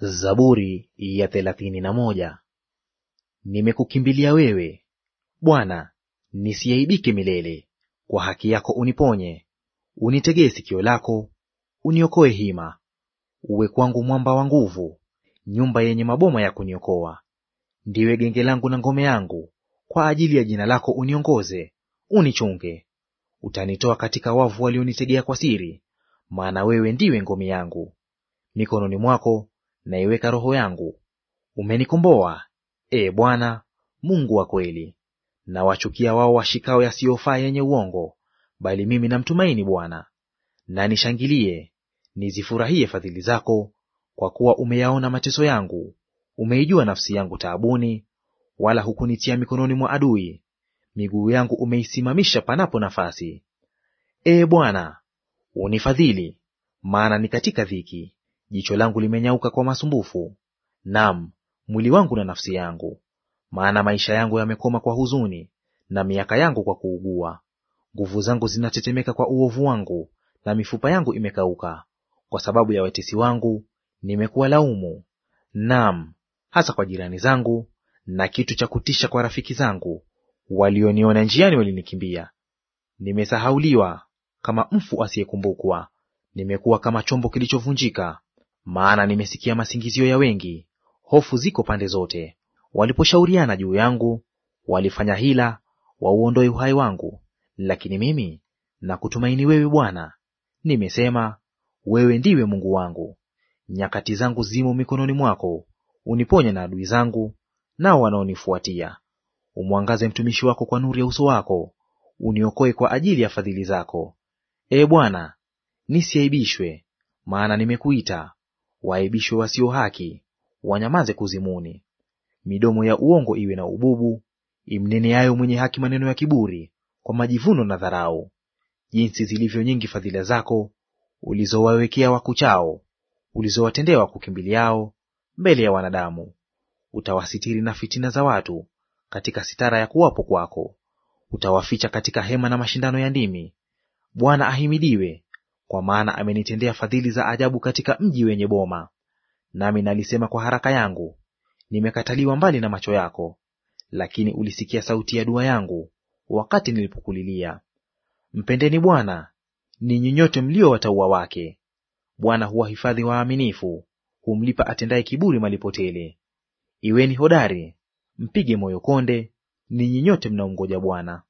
Zaburi ya thelathini na moja. Nimekukimbilia wewe Bwana, nisiaibike milele. Kwa haki yako uniponye, unitegee sikio lako, uniokoe hima. Uwe kwangu mwamba wa nguvu, nyumba yenye maboma ya kuniokoa. Ndiwe genge langu na ngome yangu, kwa ajili ya jina lako uniongoze, unichunge. Utanitoa katika wavu walionitegea kwa siri, maana wewe ndiwe ngome yangu. Mikononi mwako naiweka roho yangu. Umenikomboa, e Bwana Mungu wa kweli. Na wachukia wao washikao yasiyofaa yenye uongo, bali mimi namtumaini Bwana. Na nishangilie nizifurahie fadhili zako, kwa kuwa umeyaona mateso yangu, umeijua nafsi yangu taabuni, wala hukunitia mikononi mwa adui. Miguu yangu umeisimamisha panapo nafasi. e Bwana, unifadhili, maana ni katika dhiki jicho langu limenyauka kwa masumbufu, nam mwili wangu na nafsi yangu. Maana maisha yangu yamekoma kwa huzuni, na miaka yangu kwa kuugua. Nguvu zangu zinatetemeka kwa uovu wangu, na mifupa yangu imekauka kwa sababu ya watesi wangu. Nimekuwa laumu, nam hasa kwa jirani zangu, na kitu cha kutisha kwa rafiki zangu. Walioniona njiani walinikimbia. Nimesahauliwa kama mfu asiyekumbukwa, nimekuwa kama chombo kilichovunjika, maana nimesikia masingizio ya wengi, hofu ziko pande zote. Waliposhauriana juu yangu, walifanya hila wauondoe uhai wangu. Lakini mimi nakutumaini wewe, Bwana. Nimesema, wewe ndiwe Mungu wangu. Nyakati zangu zimo mikononi mwako. Uniponye na adui zangu, nao wanaonifuatia. Umwangaze mtumishi wako kwa nuru ya uso wako, uniokoe kwa ajili ya fadhili zako. Ee Bwana, nisiaibishwe, maana nimekuita waaibishwe wasio haki, wanyamaze kuzimuni. Midomo ya uongo iwe na ububu, imneneayo mwenye haki maneno ya kiburi kwa majivuno na dharau. Jinsi zilivyo nyingi fadhila zako ulizowawekea wakuchao, ulizowatendea wakukimbiliao mbele ya wanadamu. Utawasitiri na fitina za watu katika sitara ya kuwapo kwako, utawaficha katika hema na mashindano ya ndimi. Bwana ahimidiwe kwa maana amenitendea fadhili za ajabu katika mji wenye boma. Nami nalisema kwa haraka yangu, nimekataliwa mbali na macho yako, lakini ulisikia sauti ya dua yangu wakati nilipokulilia. Mpendeni Bwana, ninyi nyote mlio wataua wake. Bwana huwahifadhi waaminifu, humlipa atendaye kiburi malipo tele. Iweni hodari, mpige moyo konde, ninyi nyote mnaomngoja Bwana.